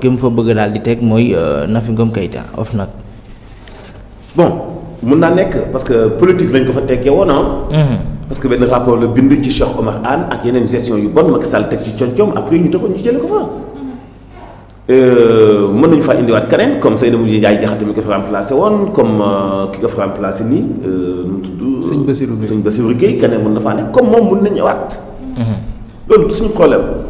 ki mu fa bëgg daal di teg mooy euh, Nafi Ngom Keïta bon mun naa nekk parce que politique lañ ko fa teggee woon ah. mhm. parce que benn rapport la bind ci Cheikh Omar Anne ak yeneen gestion yu bon Macky Sall teg ci coom-coom après ñu tëboon ñu jëlee ko fa. Mhm. Euh, mën nañu faa indiwaat keneen comme Seydou Moussa Ndiaye jaxate mi ko fa remplacé woon comme euh, ki ko fa remplacé nii nu mu tudd. sëñ Bassirou Guèye sëñ na faa nekk comme moom mun na ñëwaat. Mhm. loolu suñu problème.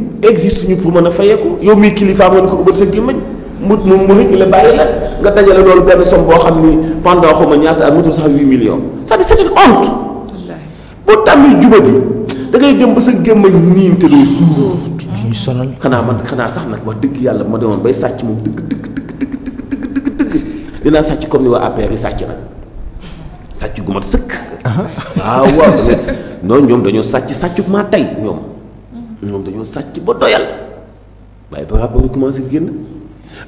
existe suñu pour mën a fayeeku yow mii kilifa nga ne ko bët sa gémmañ mu mu mu xëcc la bàyyi la nga dajale loolu benn somme boo xam ni pendant xaw ma ñaata ak motul sax 8 millions c'est-à-dire c'est une honte. boo tàmmee jubati da ngay dem ba sa gémmañ niin te doo suur. xanaa man xanaa sax nag wax dëgg yàlla ma demoon bay sàcc moom dëgg dëgg dëgg dëgg dëgg dëgg dinaa sàcc comme ni waa APR yi sàcc nag sàcc gu mat sëkk. waaw waaw non ñoom dañoo sàcc sàccuk maa tey ñoom. ñoom dañoo sàcc ba doyal waaye ba rapport bi commencé génn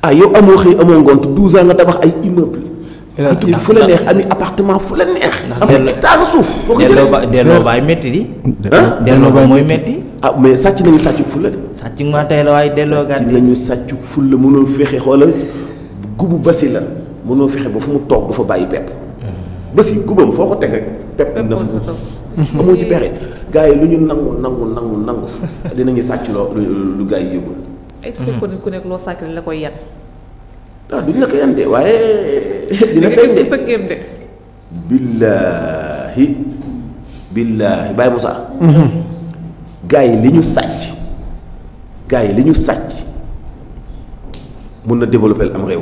ah yow amoo xëy amoo ngont 12 ans nga tabax ay immeuble di tudd fu la neex am appartement fu la neex. am na hectare suuf. foo ko jëlee delloo ba delloo baay métti di. Hein? delloo ba mooy métti. ah mais sàcc nañu sàcc fulla de. sàcc ma tey la waaye delloo gàtt yi nañu sàcc fulla mënoo fexe xoolal gubu basi la mënoo fexe ba fu mu toog du fa bàyyi pepp. ba si gubam foo ko teg rek pepp na fa amoo ci pexe gars yi lu ñu nangu nangu nangu nangu dinañu sàcc loo lu gars yi yëgul est-ce que mhm. ku nekk loo sàcc la koy yat waaw ah, duñ waaye dina feeñ de sëngeem de billaahi billaahi Baye Moussa mhm. gars yi li ñu sàcc gars yi li ñu sàcc mun na développer am réew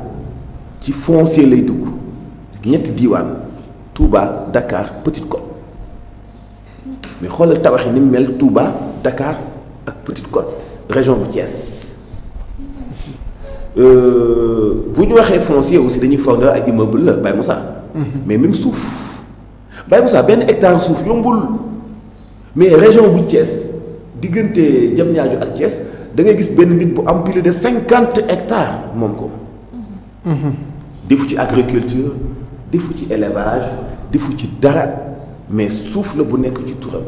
Qui foncier lay dugg ñetti Diwan, Touba Dakar Petite Côte mais quand tabax ni mel Dakar ak Petite Côte région bu Thiès euh nous waxé foncier aussi dañuy nous ak des meubles, Moussa. Mhm. mais même souf bay Moussa ben hectare souf yombul mais région bu Thiès ak de 50 hectares mom defu ci agriculture defu ci élevage defu ci dara mais suuf la bu nekk ci turam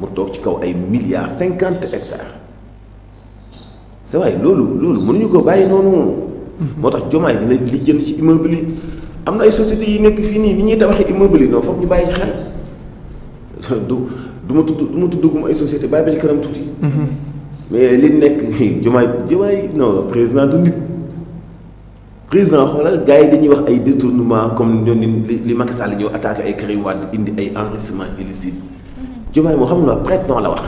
mu toog ci kaw ay milliards cinquante hectares C'est vrai, loolu loolu mënuñu ko bàyyi non non. tax jomaay dina li jënd ci immeuble yi am na ay sociétés yi nekk fii nii ni ñuy tabaxee immeuble yi noonu foog ñu bàyyi ci xel du du ma tudd du ma tudd gum ay société bàyyi ba ci kanam tuuti. Mhm. mais li nekk jomaay jomaay non président du président xoolal gars yi dañuy wax ay détournement comme ñoom li Macky Sall ñëw attaqué ay Karim Wade indi ay enrichissement illicite mm-hmm. Diomaye mo xam ne waa non la wax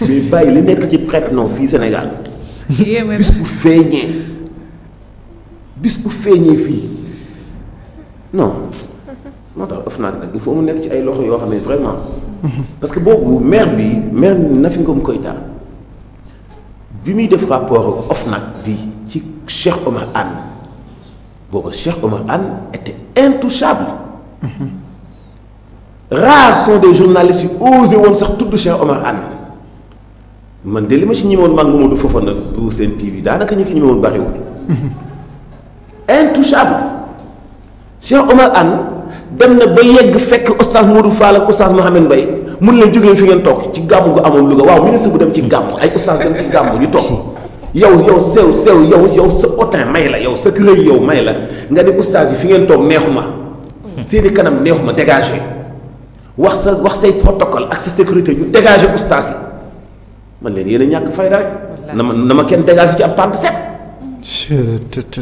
mais bàyyi li nekk ci prête non fii Sénégal. bis bu feeñee bis bu feeñee fii non mm-hmm. moo tax ëff naa nag il faut mu nekk ci ay loxo yoo xam ne vraiment. Mm-hmm. parce que boobu maire bi maire Nafi Ngom Keïta bi muy def rapport OFNAC bi ci Cheikh Omar Anne booba Cheikh Omar Anne était intouchable rares sont des journalistes yu osé woon sax tudd Cheikh Omar Anne man de li ma si ñemewoon man Mamadou Fofana bu sen TV daanaka ñi ko ñemewoon bariwul intouchable Cheikh Omar Anne dem na ba yegg fekk oustaz Modou Fall ak oustaz Mohamed Mbaye mun leen jógee fi ngeen toog ci gàmm gu amoon Louga waaw ministre bu dem ci gàmm ay oustaz dem ci gàmm ñu toog yow yow sew sew yow yow sa otin may la yow sa kër yow may la nga ne oustaz yi fi ngeen toog neexuma ma seeni kanam neexuma ma dégagé wax sa wax say protocole ak sa sécurité ñu dégagé oustaz yi man leen yéen a ñàkk fayda rek na ma kenn dégagé ci ab tante set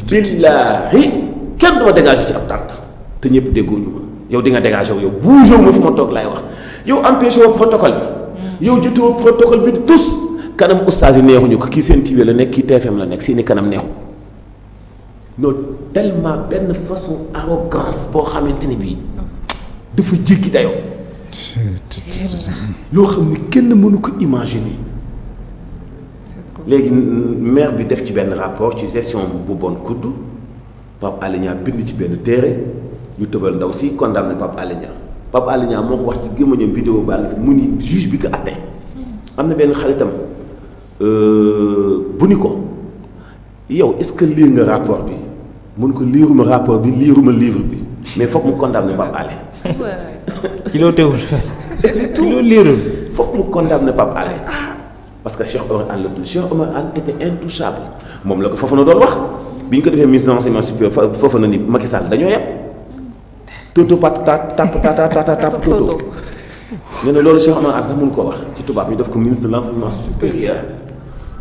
billahi kenn duma dégagé ci ab tante te ñëpp déggooñu ma yow di nga dégagé yow bougé wu ma fu ma toog laay wax yow empêché woo protocole bi mm. yow jotewoo protocole bi tous kanam oustaz yi neexuñu ko seen la TFM la seeni kanam tellement façon arrogance boo xamante ni dafa jéggi dayo loo xam ne kenn mënu ko imaginer. maire bi def ci rapport ci gestion bu bon kudd Pape ci condamné wax ci vidéo juge euh, bu ni ko yow est-ce que lire nga rapport bi mun ko liiruma rapport bi liiruma livre bi mais foog mu condamné Pape Alé. ci loo teewul c'est tout loo liirul. foog mu condamné Pape Alé parce que Cheikh Omar Anne la tudd Cheikh Omar Anne était intouchable moom la ko foofu na doon wax bi ñu ko defee ministre de l'enseignement supérieur foofu na ni Macky Sall dañoo yem. tontu pat tap tap tap tap tontu. nga ne loolu Cheikh Omar Anne sax mun koo wax ci tubaab yi def ko ministre de l'enseignement supérieur.